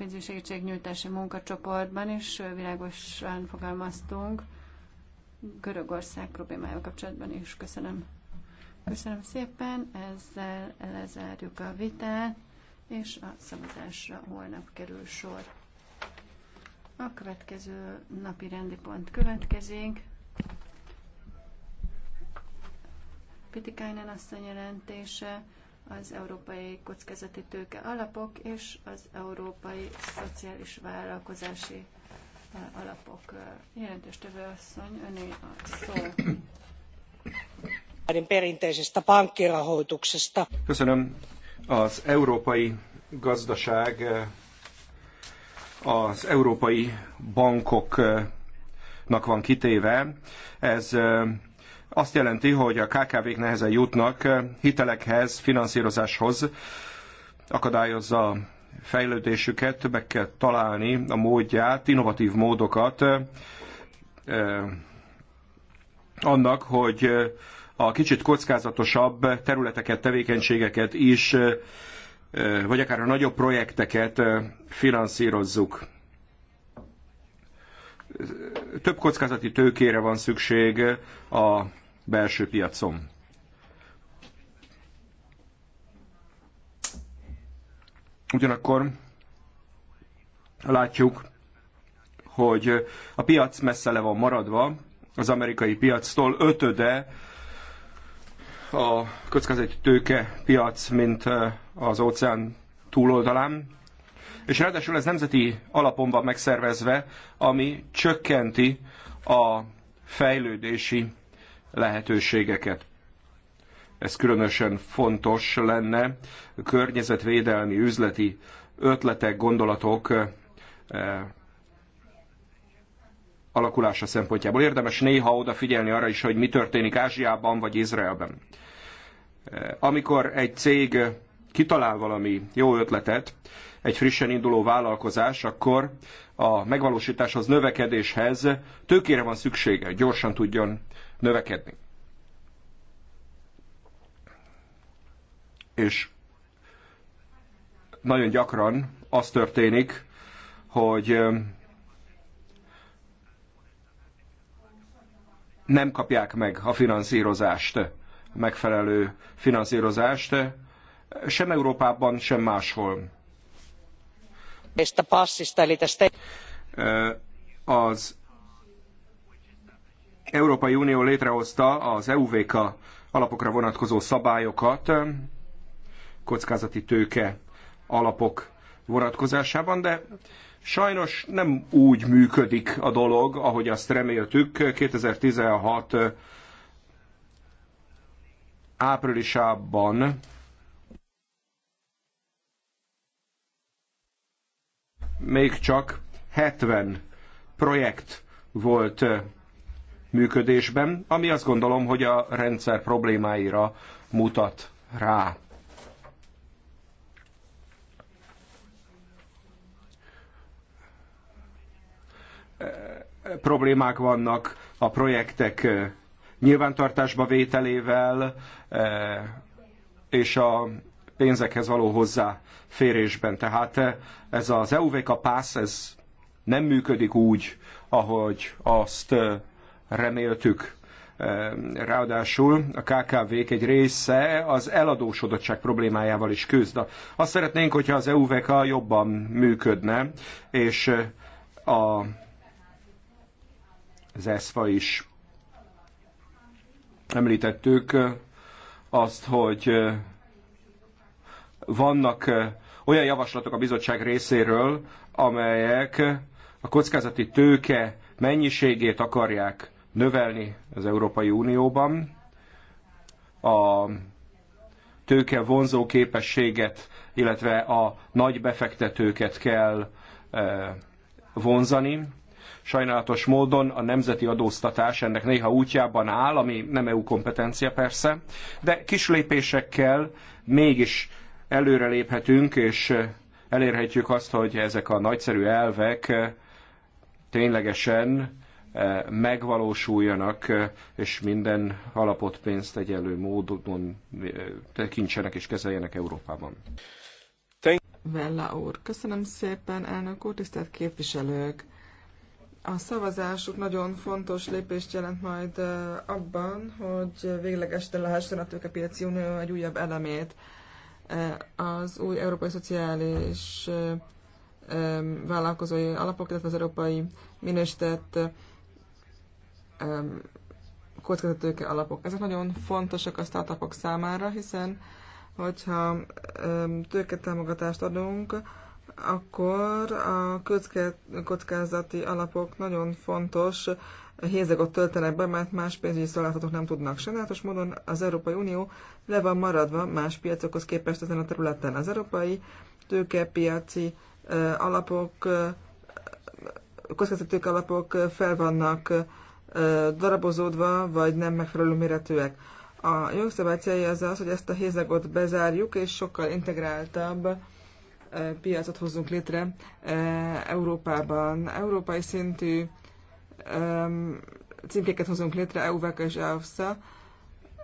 pénzügyi segítségnyújtási munkacsoportban is világosan fogalmaztunk Görögország problémájával kapcsolatban is. Köszönöm. Köszönöm szépen, ezzel lezárjuk a vitát, és a szavazásra holnap kerül sor. A következő napi rendi pont következik. Pitikájnen a jelentése az európai kockázati tőke alapok és az európai szociális vállalkozási eh, alapok. Eh, Jelentős tevő asszony, öné a szó. Köszönöm. Az európai gazdaság eh, az európai bankoknak van kitéve. Ez azt jelenti, hogy a KKV-k nehezen jutnak eh, hitelekhez, finanszírozáshoz, akadályozza a fejlődésüket, többek kell találni a módját, innovatív módokat eh, eh, annak, hogy a kicsit kockázatosabb területeket, tevékenységeket is, vagy akár a nagyobb projekteket finanszírozzuk több kockázati tőkére van szükség a belső piacon. Ugyanakkor látjuk, hogy a piac messze le van maradva az amerikai piactól, ötöde a kockázati tőke piac, mint az óceán túloldalán, és ráadásul ez nemzeti alapon van megszervezve, ami csökkenti a fejlődési lehetőségeket. Ez különösen fontos lenne környezetvédelmi, üzleti ötletek, gondolatok eh, alakulása szempontjából. Érdemes néha odafigyelni arra is, hogy mi történik Ázsiában vagy Izraelben. Eh, amikor egy cég kitalál valami jó ötletet, egy frissen induló vállalkozás, akkor a megvalósításhoz, növekedéshez tőkére van szüksége, gyorsan tudjon növekedni. És nagyon gyakran az történik, hogy nem kapják meg a finanszírozást, a megfelelő finanszírozást, sem Európában, sem máshol. Az Európai Unió létrehozta az EUVK alapokra vonatkozó szabályokat, kockázati tőke alapok vonatkozásában, de sajnos nem úgy működik a dolog, ahogy azt reméltük. 2016 áprilisában még csak 70 projekt volt működésben, ami azt gondolom, hogy a rendszer problémáira mutat rá. Problémák vannak a projektek eh, nyilvántartásba vételével eh, és a pénzekhez való hozzáférésben. Tehát eh, ez az EUVK Pass, ez nem működik úgy, ahogy azt reméltük. Ráadásul a KKV-k egy része az eladósodottság problémájával is küzd. Azt szeretnénk, hogyha az EUVK jobban működne, és a, az ESFA is említettük azt, hogy vannak olyan javaslatok a bizottság részéről, amelyek a kockázati tőke mennyiségét akarják növelni az Európai Unióban. A tőke vonzó képességet, illetve a nagy befektetőket kell e, vonzani. Sajnálatos módon a nemzeti adóztatás ennek néha útjában áll, ami nem EU kompetencia persze, de kis lépésekkel mégis előreléphetünk, és elérhetjük azt, hogy ezek a nagyszerű elvek ténylegesen Eh, megvalósuljanak, eh, és minden alapot pénzt egyenlő módon eh, tekintsenek és kezeljenek Európában. Vella úr, köszönöm szépen, elnök úr, tisztelt képviselők! A szavazásuk nagyon fontos lépést jelent majd abban, hogy véglegesíten lehessen a tőkepiaci unió egy újabb elemét. Az új európai szociális vállalkozói alapok, illetve az európai minősített kockázatőke alapok. Ezek nagyon fontosak a startupok számára, hiszen hogyha tőketámogatást adunk, akkor a kockázati alapok nagyon fontos hézegot töltenek be, mert más pénzügyi szolgáltatók nem tudnak. Sajnálatos módon az Európai Unió le van maradva más piacokhoz képest ezen a területen. Az európai tőkepiaci eh, alapok, eh, kockázati alapok eh, fel vannak darabozódva, vagy nem megfelelő méretűek. A jogszabály célja az az, hogy ezt a hézagot bezárjuk, és sokkal integráltabb piacot hozzunk létre Európában. Európai szintű címkéket hozunk létre, EUVK és EFSA,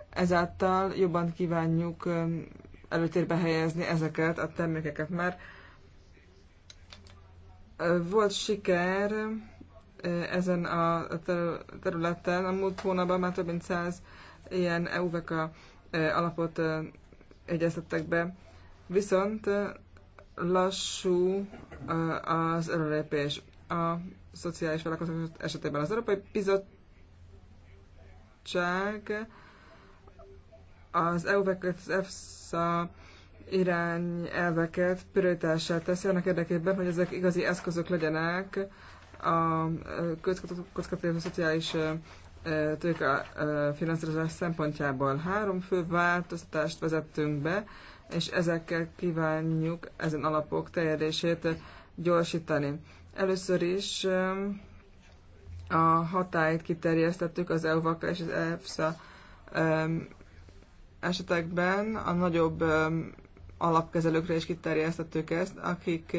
ezáltal jobban kívánjuk előtérbe helyezni ezeket a termékeket, mert volt siker ezen a területen. A múlt hónapban már több mint száz ilyen EUVECA alapot egyeztettek be. Viszont lassú az előrépés A szociális vállalkozás esetében az Európai Bizottság az eu az EFSA irányelveket prioritását teszi annak érdekében, hogy ezek igazi eszközök legyenek a közkapitalizmus szociális tőke finanszírozás szempontjából három fő változtatást vezettünk be, és ezekkel kívánjuk ezen alapok terjedését gyorsítani. Először is a hatályt kiterjesztettük az EUVAKA és az EFSA esetekben, a nagyobb alapkezelőkre is kiterjesztettük ezt, akik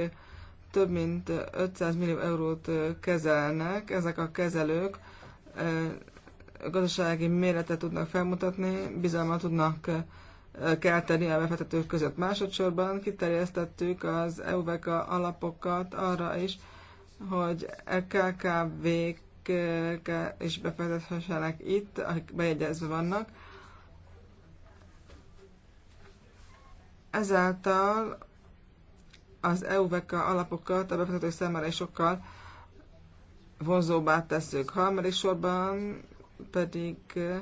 több mint 500 millió eurót kezelnek. Ezek a kezelők gazdasági méretet tudnak felmutatni, bizalmat tudnak kelteni a befektetők között. Másodszorban kiterjesztettük az EUVK alapokat arra is, hogy e KKV-k is befektethessenek itt, akik bejegyezve vannak. Ezáltal az EU-veka alapokat a befektetők számára is sokkal vonzóbbá tesszük. Harmadik sorban pedig eh,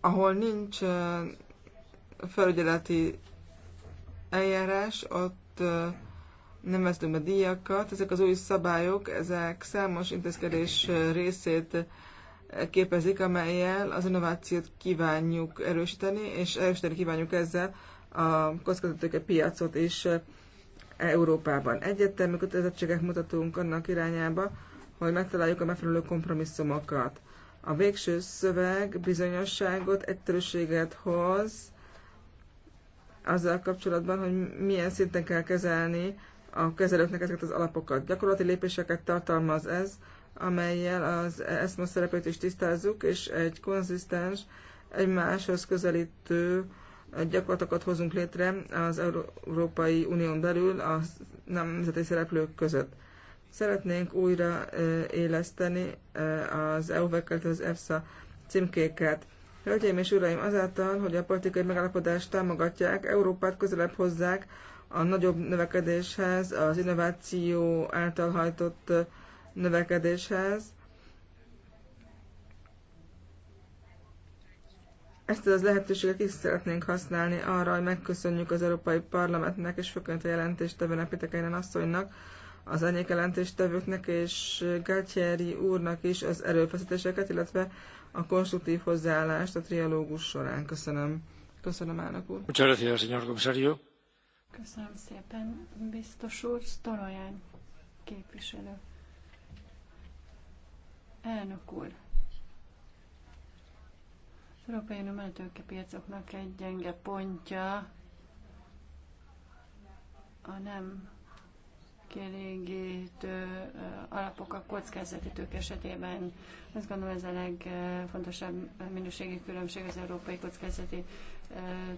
ahol nincs eh, felügyeleti eljárás, ott eh, nem vesztünk be díjakat. Ezek az új szabályok, ezek számos intézkedés részét képezik, amelyel az innovációt kívánjuk erősíteni, és erősíteni kívánjuk ezzel a kockázatőke piacot is Európában. Egyértelmű kötelezettségek mutatunk annak irányába, hogy megtaláljuk a megfelelő kompromisszumokat. A végső szöveg bizonyosságot, egyszerűséget hoz azzal kapcsolatban, hogy milyen szinten kell kezelni a kezelőknek ezeket az alapokat. Gyakorlati lépéseket tartalmaz ez, amelyel az ESMA szerepét is tisztázzuk, és egy konzisztens, egymáshoz közelítő gyakorlatokat hozunk létre az Európai Unión belül a nemzeti szereplők között. Szeretnénk újra éleszteni az EU-vekkel, az EFSA címkéket. Hölgyeim és uraim, azáltal, hogy a politikai megállapodást támogatják, Európát közelebb hozzák a nagyobb növekedéshez, az innováció által hajtott növekedéshez, Ezt az lehetőséget is szeretnénk használni arra, hogy megköszönjük az Európai Parlamentnek és főként a jelentéstevőnek, Pitekeinen asszonynak, az enyék jelentéstevőknek és Gátyári úrnak is az erőfeszítéseket, illetve a konstruktív hozzáállást a trialógus során. Köszönöm. Köszönöm, elnök úr. Köszönöm szépen, biztos úr. Storojan képviselő. Elnök úr, az európai piacoknak egy gyenge pontja a nem kielégítő alapok a kockázati tők esetében. Azt gondolom ez a legfontosabb minőségi különbség az európai kockázati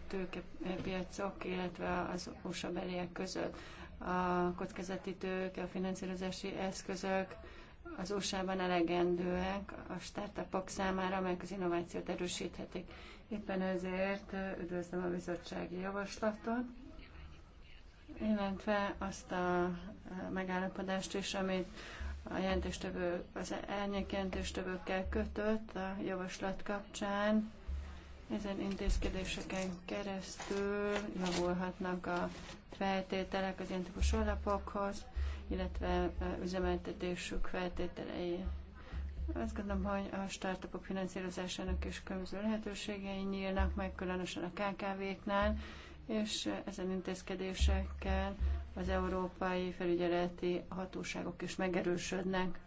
tőkepiacok, illetve az USA beliek között. A kockázati tők, a finanszírozási eszközök az USA-ban elegendőek a startupok számára, amelyek az innovációt erősíthetik. Éppen ezért üdvözlöm a bizottsági javaslatot, illetve azt a megállapodást is, amit a jelentéstevő, az elnyek jelentéstövőkkel kötött a javaslat kapcsán. Ezen intézkedéseken keresztül javulhatnak a feltételek az ilyen típusú alapokhoz, illetve üzemeltetésük feltételei. Azt gondolom, hogy a startupok finanszírozásának is különböző lehetőségei nyílnak meg, különösen a KKV-knál, és ezen intézkedésekkel az európai felügyeleti hatóságok is megerősödnek.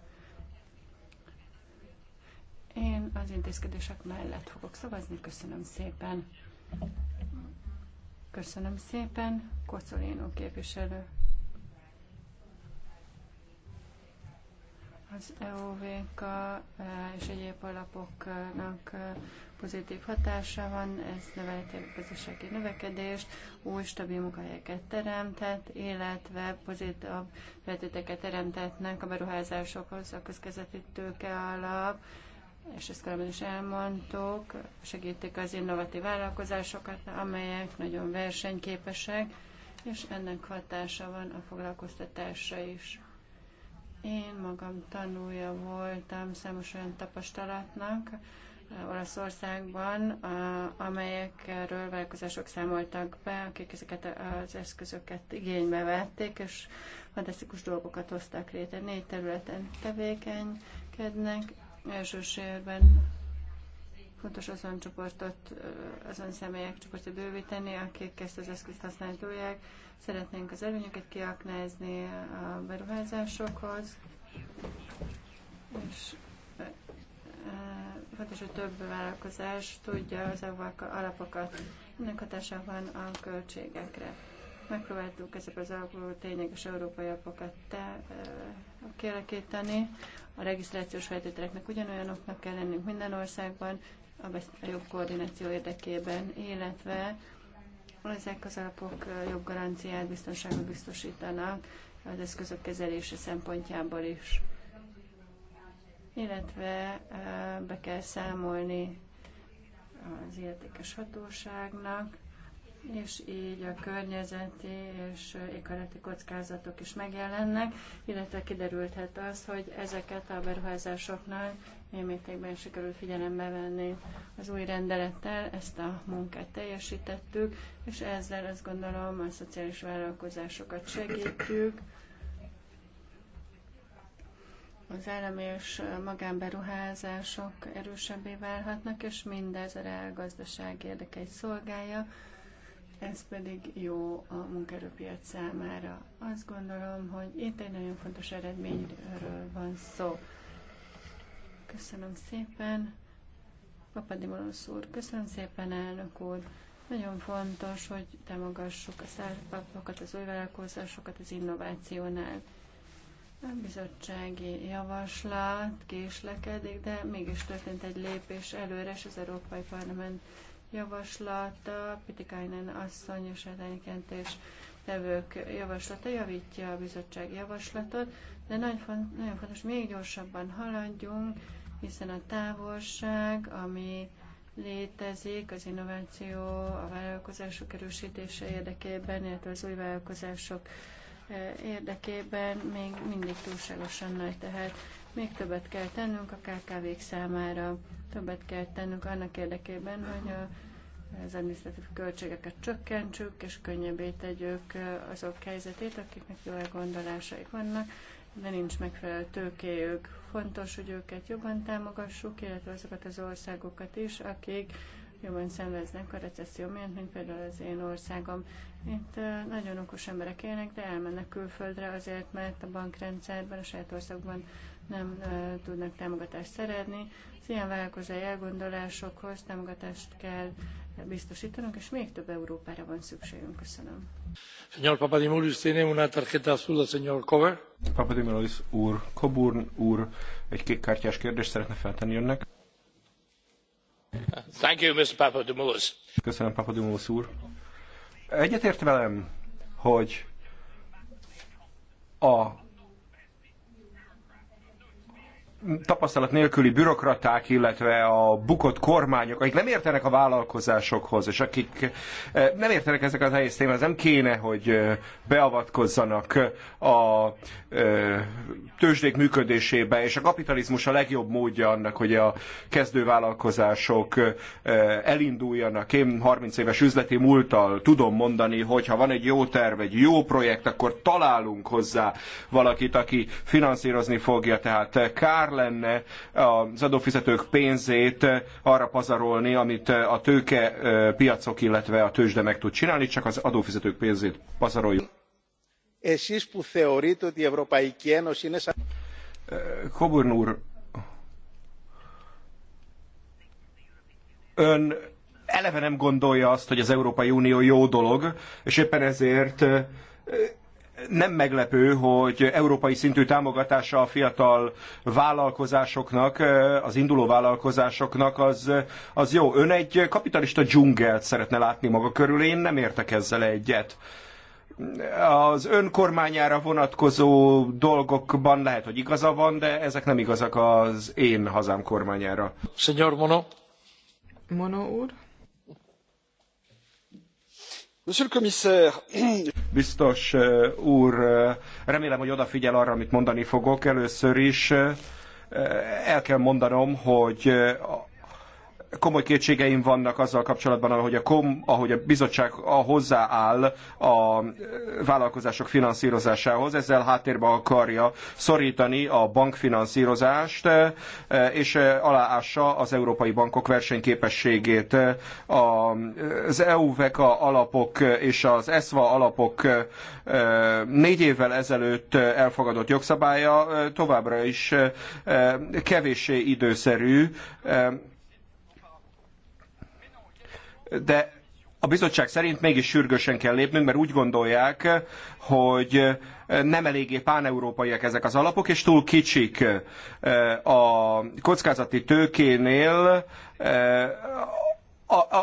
Én az intézkedések mellett fogok szavazni. Köszönöm szépen. Köszönöm szépen. Kocolino képviselő. az EOVK e, és egyéb alapoknak e, pozitív hatása van, ez növelheti a gazdasági növekedést, új stabil munkahelyeket teremtett, illetve pozitív feltéteket teremtetnek a beruházásokhoz, a közkezeti tőke alap, és ezt korábban is elmondtuk, segítik az innovatív vállalkozásokat, amelyek nagyon versenyképesek, és ennek hatása van a foglalkoztatásra is. Én magam tanulja voltam számos olyan tapasztalatnak eh, Olaszországban, amelyekről vállalkozások számoltak be, akik ezeket az eszközöket igénybe vették, és fantasztikus dolgokat hoztak létre. Négy területen tevékenykednek, elsősorban Fontos azon csoportot, azon személyek csoportja bővíteni, akik ezt az eszközt használják. Szeretnénk az előnyöket kiaknázni a beruházásokhoz, és fontos, hogy több vállalkozás tudja az alapokat. Ennek hatása van a költségekre. Megpróbáltuk ezek az alapú tényleges európai alapokat te, kialakítani. A regisztrációs feltételeknek ugyanolyanoknak kell lennünk minden országban, a jobb koordináció érdekében, illetve ezek az alapok jobb garanciát, biztonságot biztosítanak az eszközök kezelése szempontjából is. Illetve be kell számolni az értékes hatóságnak, és így a környezeti és éghajlati kockázatok is megjelennek, illetve kiderülhet az, hogy ezeket a beruházásoknál mértékben sikerül figyelembe venni az új rendelettel, ezt a munkát teljesítettük, és ezzel azt gondolom a szociális vállalkozásokat segítjük, az állami és magánberuházások erősebbé válhatnak, és mindez a reálgazdaság érdekeit szolgálja, ez pedig jó a munkerőpiac számára. Azt gondolom, hogy itt egy nagyon fontos eredményről van szó. Köszönöm szépen. Papadimonos úr, köszönöm szépen, elnök úr. Nagyon fontos, hogy támogassuk a szárpapokat, az új vállalkozásokat az innovációnál. A bizottsági javaslat késlekedik, de mégis történt egy lépés előre, és az Európai Parlament javaslata, Pitikainen asszony és jelentés tevők javaslata javítja a bizottság javaslatot, de nagyon, font, nagyon fontos, még gyorsabban haladjunk, hiszen a távolság, ami létezik az innováció, a vállalkozások erősítése érdekében, illetve az új vállalkozások eh, érdekében még mindig túlságosan nagy. tehet. Még többet kell tennünk a KKV-k számára, többet kell tennünk annak érdekében, hogy a, az administratív költségeket csökkentsük, és könnyebbé tegyük azok helyzetét, akiknek jó elgondolásaik vannak, de nincs megfelelő tőkéjük. Fontos, hogy őket jobban támogassuk, illetve azokat az országokat is, akik jobban szenveznek a recesszió miatt, mint például az én országom. Itt nagyon okos emberek élnek, de elmennek külföldre azért, mert a bankrendszerben, a saját országban nem tudnak támogatást szerezni. Az ilyen vállalkozói elgondolásokhoz támogatást kell biztosítanunk, és még több Európára van szükségünk. Köszönöm. Señor Papadimoulis, tiene una tarjeta azul, señor Cover. Papadimoulis úr, Coburn úr, egy kékkártyás kérdést szeretne feltenni önnek. Thank you, Mr. Papadimoulis. Köszönöm, Papadimoulis úr. Egyetért velem, hogy a tapasztalat nélküli bürokraták, illetve a bukott kormányok, akik nem értenek a vállalkozásokhoz, és akik eh, nem értenek ezek az nehéz témához, nem kéne, hogy eh, beavatkozzanak a eh, tőzsdék működésébe, és a kapitalizmus a legjobb módja annak, hogy a kezdővállalkozások elinduljanak. Én 30 éves üzleti múlttal tudom mondani, hogy ha van egy jó terv, egy jó projekt, akkor találunk hozzá valakit, aki finanszírozni fogja, tehát kár kár lenne az adófizetők pénzét arra pazarolni, amit a tőke piacok, illetve a tőzsde meg tud csinálni, csak az adófizetők pénzét pazaroljuk. Εσείς που θεωρείτε ότι η Ευρωπαϊκή Ένωση είναι úr, ön eleve nem gondolja azt, hogy az Európai Unió jó dolog, és éppen ezért nem meglepő, hogy európai szintű támogatása a fiatal vállalkozásoknak, az induló vállalkozásoknak az, az jó. Ön egy kapitalista dzsungelt szeretne látni maga körül, én nem értek ezzel egyet az önkormányára vonatkozó dolgokban lehet, hogy igaza van, de ezek nem igazak az én hazám kormányára. Senyor Mono. Mono úr. Biztos eh, úr, eh, remélem, hogy odafigyel arra, amit mondani fogok. Először is eh, el kell mondanom, hogy komoly kétségeim vannak azzal kapcsolatban, ahogy a, kom, ahogy a bizottság hozzááll a vállalkozások finanszírozásához. Ezzel háttérbe akarja szorítani a bankfinanszírozást, és aláássa az európai bankok versenyképességét. Az eu alapok és az ESVA alapok négy évvel ezelőtt elfogadott jogszabálya továbbra is kevéssé időszerű de a bizottság szerint mégis sürgősen kell lépnünk, mert úgy gondolják, hogy nem eléggé páneurópaiak ezek az alapok, és túl kicsik a kockázati tőkénél,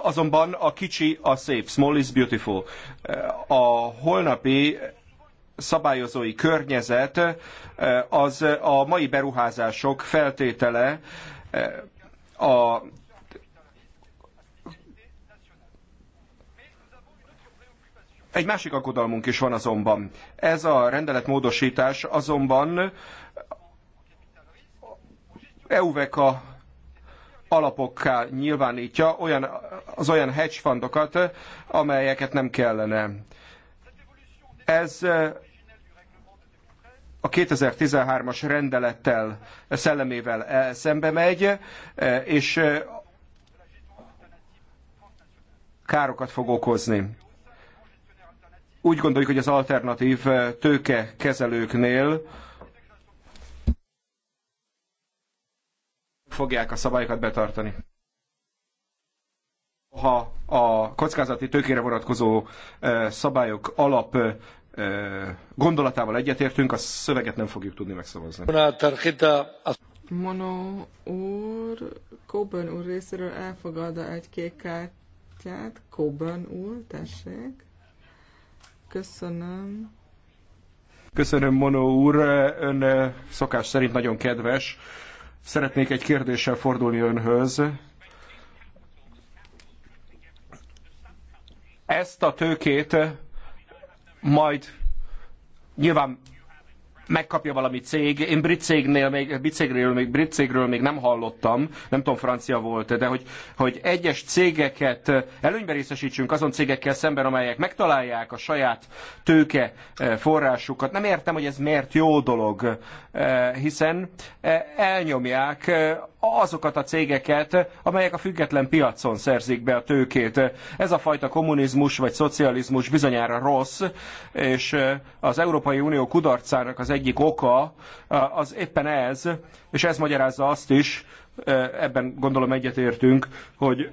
azonban a kicsi a szép, small is beautiful. A holnapi szabályozói környezet az a mai beruházások feltétele, a Egy másik aggodalmunk is van azonban. Ez a rendeletmódosítás azonban EUVECA alapokká nyilvánítja olyan, az olyan hedge fundokat, amelyeket nem kellene. Ez a 2013-as rendelettel, szellemével e szembe megy, és károkat fog okozni úgy gondoljuk, hogy az alternatív eh, kezelőknél fogják a szabályokat betartani. Ha a kockázati tőkére vonatkozó eh, szabályok alap eh, gondolatával egyetértünk, a szöveget nem fogjuk tudni megszavazni. Mono úr, Coburn úr részéről elfogadta egy kék kártyát. Coburn úr, tessék. Köszönöm. Köszönöm, Monó úr. Ön eh, szokás szerint nagyon kedves. Szeretnék egy kérdéssel fordulni önhöz. Ezt a tőkét eh, majd nyilván megkapja valami cég. Én brit cégnél még, brit cégről, még, brit cégről még nem hallottam, nem tudom, francia volt, de hogy, hogy egyes cégeket eh, előnybe részesítsünk azon cégekkel szemben, amelyek megtalálják a saját tőke eh, forrásukat. Nem értem, hogy ez miért jó dolog, eh, hiszen elnyomják azokat a cégeket, amelyek a független piacon szerzik be a tőkét. Ez a fajta kommunizmus vagy szocializmus bizonyára rossz, és az Európai Unió kudarcának az egyik oka az éppen ez, és ez magyarázza azt is, ebben gondolom egyetértünk, hogy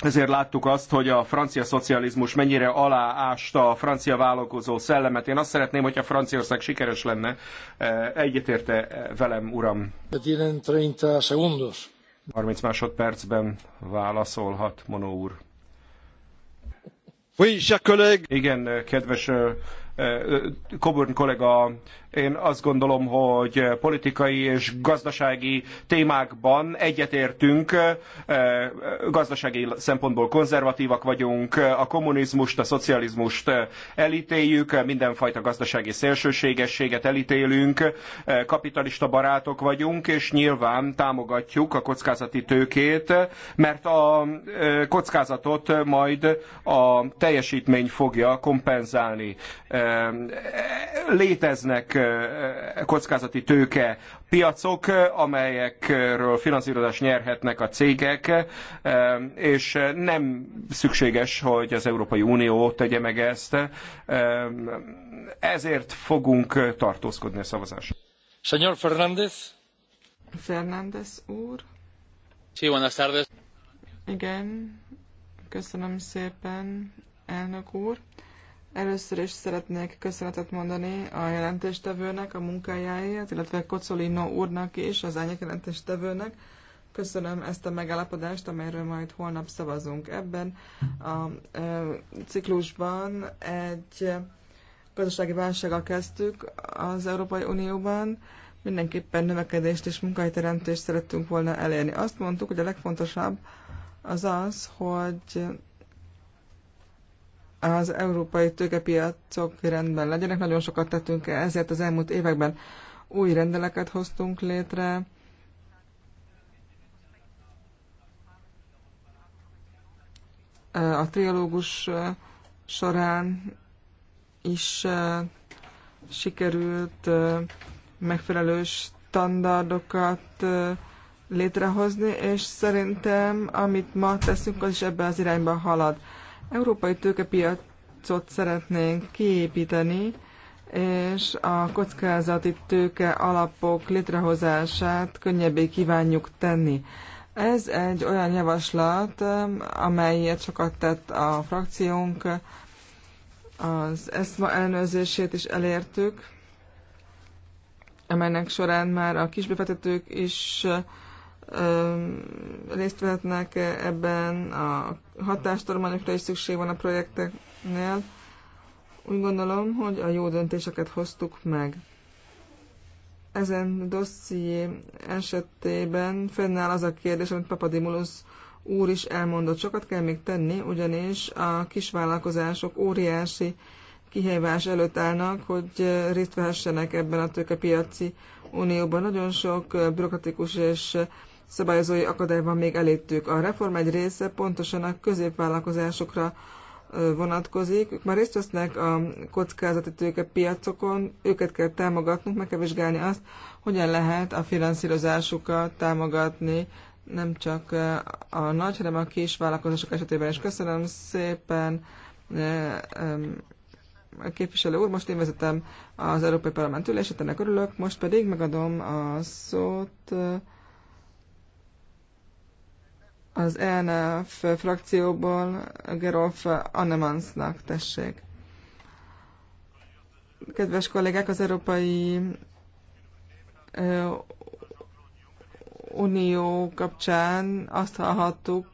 ezért láttuk azt, hogy a francia szocializmus mennyire aláásta a francia vállalkozó szellemet. Én azt szeretném, hogyha Franciaország sikeres lenne. E, egyetérte velem, uram. 30 másodpercben válaszolhat, Monó úr. Igen, kedves Coburn kollega, én azt gondolom, hogy politikai és gazdasági témákban egyetértünk, gazdasági szempontból konzervatívak vagyunk, a kommunizmust, a szocializmust elítéljük, mindenfajta gazdasági szélsőségességet elítélünk, kapitalista barátok vagyunk, és nyilván támogatjuk a kockázati tőkét, mert a kockázatot majd a teljesítmény fogja kompenzálni Léteznek kockázati tőke piacok, amelyekről finanszírozást nyerhetnek a cégek, és nem szükséges, hogy az Európai Unió tegye meg ezt. Ezért fogunk tartózkodni a szavazáson. Señor Fernández. Fernández úr. Sí, buenas tardes. Igen, köszönöm szépen, elnök úr. Először is szeretnék köszönetet mondani a jelentéstevőnek a munkájáért, illetve Kocolino úrnak is, az ányek jelentéstevőnek. Köszönöm ezt a megállapodást, amelyről majd holnap szavazunk. Ebben a ciklusban egy gazdasági válsággal kezdtük az Európai Unióban, mindenképpen növekedést és munkahelyteremtést szerettünk volna elérni. Azt mondtuk, hogy a legfontosabb az az, hogy az európai tőkepiacok rendben legyenek. Nagyon sokat tettünk ezért az elmúlt években. Új rendeleket hoztunk létre, a triológus során is sikerült megfelelő standardokat létrehozni, és szerintem amit ma teszünk, az is ebbe az irányba halad. Európai tőkepiacot szeretnénk kiépíteni, és a kockázati tőke alapok létrehozását könnyebbé kívánjuk tenni. Ez egy olyan javaslat, amelyet sokat tett a frakciónk, az ESMA ellenőrzését is elértük, amelynek során már a kisbefetetők is részt vehetnek ebben, a hatástormányokra is szükség van a projekteknél. Úgy gondolom, hogy a jó döntéseket hoztuk meg. Ezen dosszié esetében fennáll az a kérdés, amit Papadimulus úr is elmondott. Sokat kell még tenni, ugyanis a kisvállalkozások óriási kihívás előtt állnak, hogy részt vehessenek ebben a tőkepiaci unióban. Nagyon sok bürokratikus és szabályozói akadály van még elétük. A reform egy része pontosan a középvállalkozásokra vonatkozik. Ők már részt vesznek a kockázati piacokon. őket kell támogatnunk, meg kell vizsgálni azt, hogyan lehet a finanszírozásukat támogatni, nem csak a nagy, hanem a kis vállalkozások esetében is. Köszönöm szépen, a képviselő úr, most én vezetem az Európai Parlament ülését, ennek örülök, most pedig megadom a szót az ENF frakcióból Gerolf Annemansnak tessék. Kedves kollégák, az Európai Unió kapcsán azt hallhattuk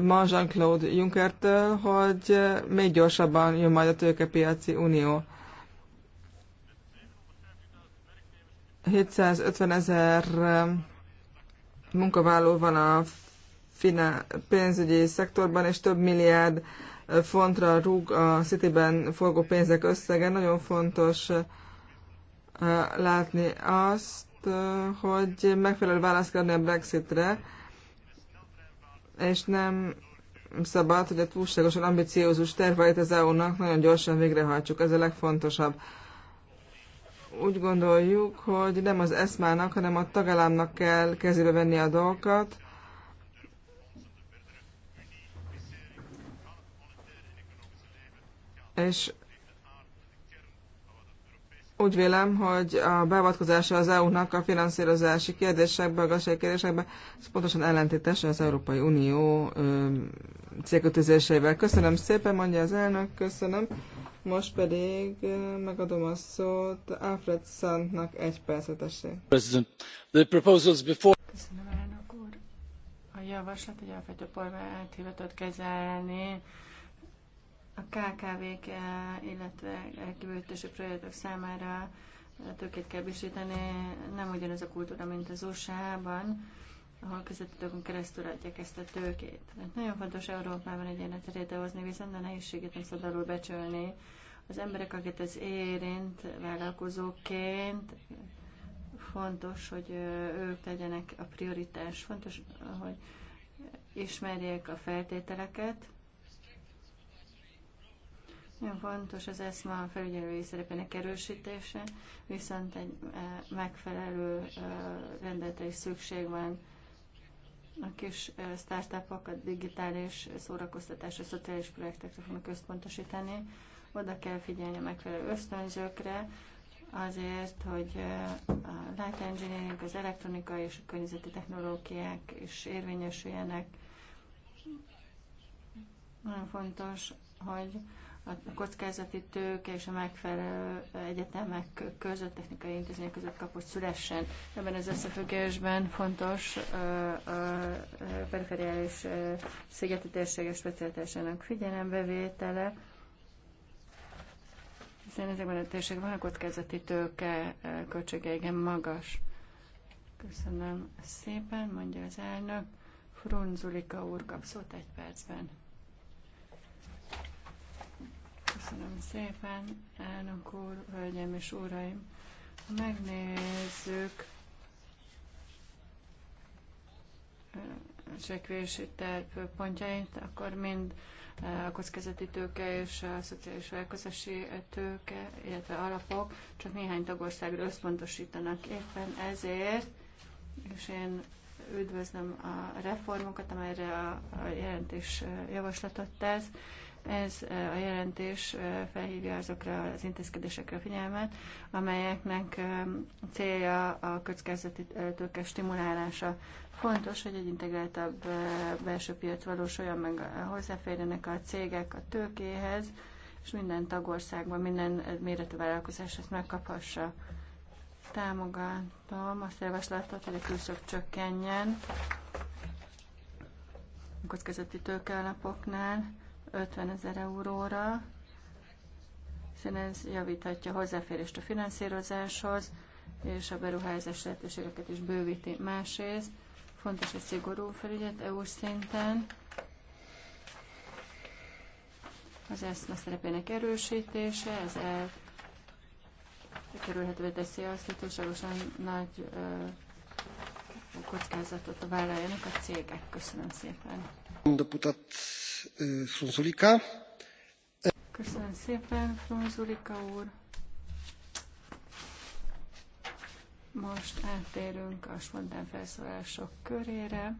ma Jean-Claude Junckertől, hogy még gyorsabban jön majd a tőkepiaci unió. 750 ezer munkavállaló van a fina, pénzügyi szektorban, és több milliárd fontra rúg a Cityben forgó pénzek összege. Nagyon fontos látni azt, hogy megfelelő választ kell adni a Brexitre, és nem szabad, hogy a túlságosan ambiciózus terveit az EU-nak nagyon gyorsan végrehajtsuk. Ez a legfontosabb. Úgy gondoljuk, hogy nem az eszmának, hanem a tagállamnak kell kezébe venni a dolgokat, és úgy vélem, hogy a beavatkozása az EU-nak a finanszírozási kérdésekben, a gazdasági kérdésekben, ez pontosan ellentétes az Európai Unió ö, célkötözéseivel. Köszönöm szépen, mondja az elnök, köszönöm. Most pedig megadom a szót Alfred Sandnak egy percet tessék. Köszönöm, elnök úr. A javaslat, hogy a polgár áthívatot kezelni, a KKV-k, eh, illetve elkívültési eh, projektek számára eh, tőkét kell biztosítani, nem ugyanaz a kultúra, mint az USA-ban, ahol közvetítőkön keresztül adják ezt a tőkét. Tehát nagyon fontos Európában egyenletet hozni, viszont a nehézséget nem szabad alul becsülni. Az emberek, akiket ez érint vállalkozóként, fontos, hogy ők legyenek a prioritás. Fontos, hogy ismerjék a feltételeket, nagyon fontos az a felügyelői szerepének erősítése, viszont egy e, megfelelő e, rendetre is szükség van a kis e, startupok a digitális szórakoztatás, a szociális projektekre fognak összpontosítani. Oda kell figyelni a megfelelő ösztönzőkre, azért, hogy a light engineering, az elektronika és a környezeti technológiák is érvényesüljenek. Nagyon fontos, hogy a kockázati tők és a megfelelő egyetemek között, technikai intézmények között kapott szülessen. Ebben az összefüggésben fontos a perifériális szigeti térséges specialitásának figyelembevétele, hiszen ezekben a térségben a kockázati tőke költsége igen magas. Köszönöm szépen, mondja az elnök. Frunzulika úr kap szót egy percben. Köszönöm szépen, elnök úr, hölgyeim és uraim. Ha megnézzük a csekvési terv pontjait, akkor mind a kockázati tőke és a szociális vállalkozási tőke, illetve alapok csak néhány tagországra összpontosítanak. Éppen ezért, és én üdvözlöm a reformokat, amelyre a jelentés javaslatot tesz, ez a jelentés felhívja azokra az intézkedésekre a figyelmet, amelyeknek célja a kockázati tőke stimulálása. Fontos, hogy egy integráltabb belső piac valósuljon meg, hozzáférjenek a cégek a tőkéhez, és minden tagországban, minden méretű vállalkozás ezt megkaphassa. Támogatom azt a javaslatot, hogy a külszöbb csökkenjen a kockázati tőkealapoknál, 50 ezer euróra, hiszen ez javíthatja hozzáférést a finanszírozáshoz, és a beruházás lehetőségeket is bővíti. Másrészt fontos egy szigorú felügyet EU szinten, az eszme szerepének erősítése, ez el kerülhetővé teszi azt, hogy túlságosan nagy ö, kockázatot vállaljanak a cégek. Köszönöm szépen. Deputat Köszönöm szépen, úr. Most átérünk a spontán felszólások körére.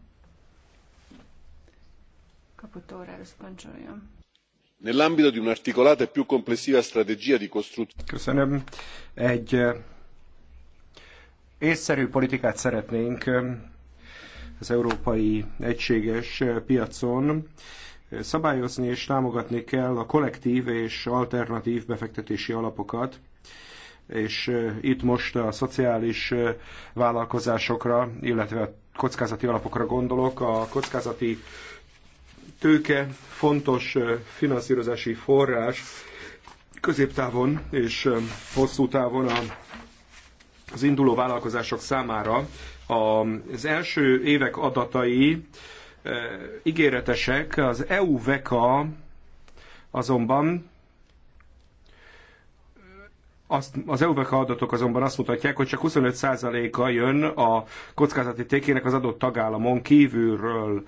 Caputo Rárusz Nell'ambito di un'articolata e più complessiva strategia di costruzione. Köszönöm. Egy észszerű politikát szeretnénk az európai egységes piacon Szabályozni és támogatni kell a kollektív és alternatív befektetési alapokat, és itt most a szociális vállalkozásokra, illetve a kockázati alapokra gondolok. A kockázati tőke fontos finanszírozási forrás középtávon és hosszú távon a, az induló vállalkozások számára. Az első évek adatai ígéretesek. Az EU-VECA azonban azt, az EUVECA adatok azonban azt mutatják, hogy csak 25%-a jön a kockázati tékének az adott tagállamon kívülről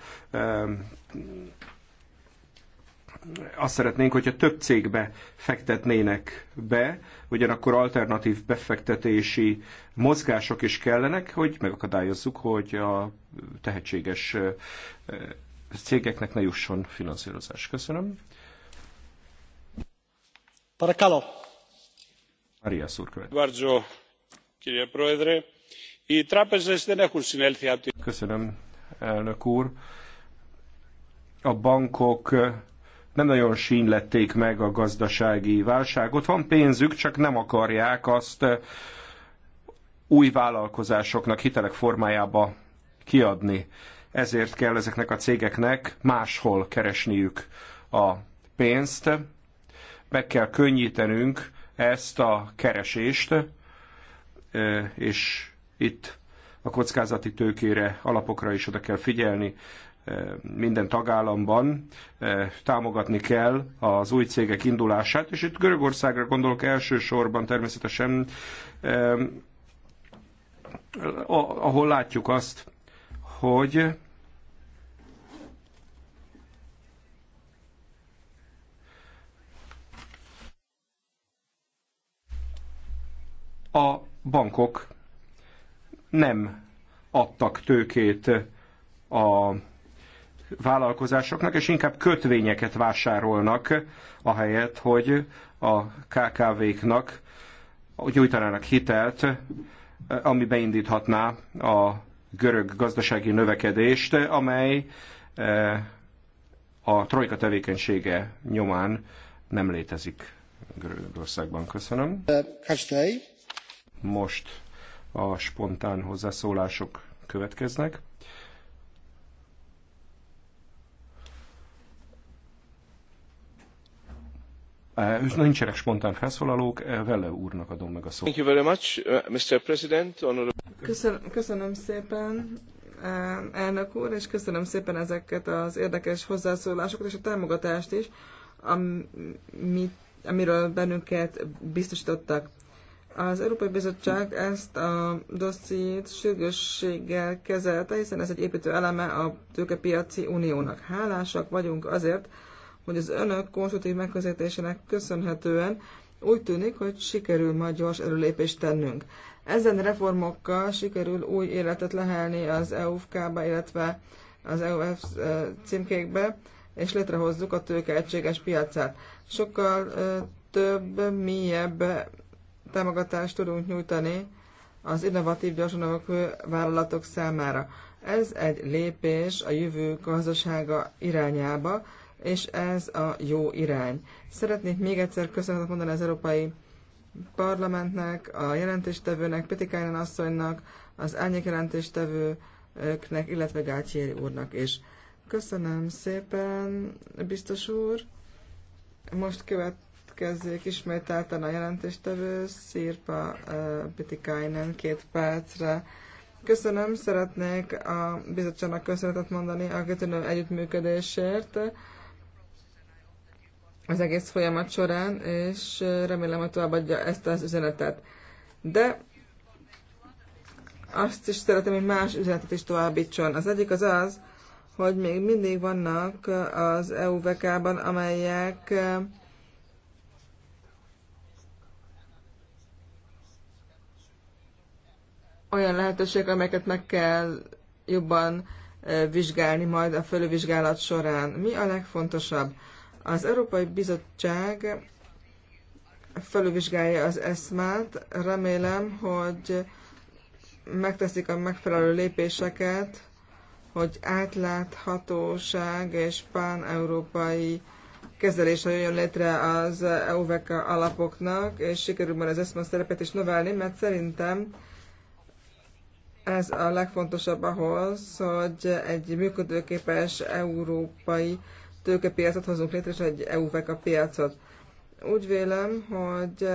azt szeretnénk, hogyha több cégbe fektetnének be, ugyanakkor alternatív befektetési mozgások is kellenek, hogy megakadályozzuk, hogy a tehetséges cégeknek ne jusson finanszírozás. Köszönöm. Parakalo. Maria Szurkövet. Bardzo, kirje proedre. I trapezes δεν έχουν Köszönöm, elnök úr. A bankok nem nagyon sínlették meg a gazdasági válságot. Van pénzük, csak nem akarják azt új vállalkozásoknak hitelek formájába kiadni. Ezért kell ezeknek a cégeknek máshol keresniük a pénzt. Meg kell könnyítenünk ezt a keresést, és itt a kockázati tőkére, alapokra is oda kell figyelni minden tagállamban támogatni kell az új cégek indulását, és itt Görögországra gondolok elsősorban természetesen, ahol látjuk azt, hogy a bankok nem adtak tőkét a vállalkozásoknak, és inkább kötvényeket vásárolnak, ahelyett, hogy a KKV-knak gyújtanának hitelt, ami beindíthatná a görög gazdasági növekedést, amely e, a trojka tevékenysége nyomán nem létezik Görögországban. Köszönöm. Most a spontán hozzászólások következnek. Nincsenek spontán felszólalók, vele úrnak adom meg a szót. Thank you very much, uh, Mr. President. Honorable... Köszönöm, köszönöm szépen, elnök úr, és köszönöm szépen ezeket az érdekes hozzászólásokat és a támogatást is, amit, amiről bennünket biztosítottak. Az Európai Bizottság ezt a dossziét sürgősséggel kezelte, hiszen ez egy építő eleme a tőkepiaci uniónak. Hálásak vagyunk azért, hogy az önök konstruktív megközelítésének köszönhetően úgy tűnik, hogy sikerül majd gyors előlépést tennünk. Ezen reformokkal sikerül új életet lehelni az EUFK-ba, illetve az EUF eh, címkékbe, és létrehozzuk a tőke egységes piacát. Sokkal eh, több, mélyebb támogatást tudunk nyújtani az innovatív, gyorsan vállalatok számára. Ez egy lépés a jövő gazdasága irányába, és ez a jó irány. Szeretnék még egyszer köszönetet mondani az Európai Parlamentnek, a jelentéstevőnek, Petikájnen asszonynak, az elnyék jelentéstevőknek, illetve Gátyéri úrnak is. Köszönöm szépen, biztos úr. Most következzék ismételten a jelentéstevő, Szirpa Petikájnen két percre. Köszönöm, szeretnék a bizottságnak köszönetet mondani a kötőnő együttműködésért az egész folyamat során, és remélem, hogy továbbadja ezt az üzenetet. De azt is szeretném, hogy más üzenetet is továbbítson. Az egyik az az, hogy még mindig vannak az EUVK-ban, amelyek olyan lehetőségek, amelyeket meg kell jobban vizsgálni majd a fölülvizsgálat során. Mi a legfontosabb? Az Európai Bizottság felülvizsgálja az eszmát. Remélem, hogy megteszik a megfelelő lépéseket, hogy átláthatóság és pán-európai kezelése jöjjön létre az EUVK alapoknak, és sikerül már az ESMA szerepet is növelni, mert szerintem ez a legfontosabb ahhoz, hogy egy működőképes európai tőkepiacot hozunk létre, és egy EU a piacot. Úgy vélem, hogy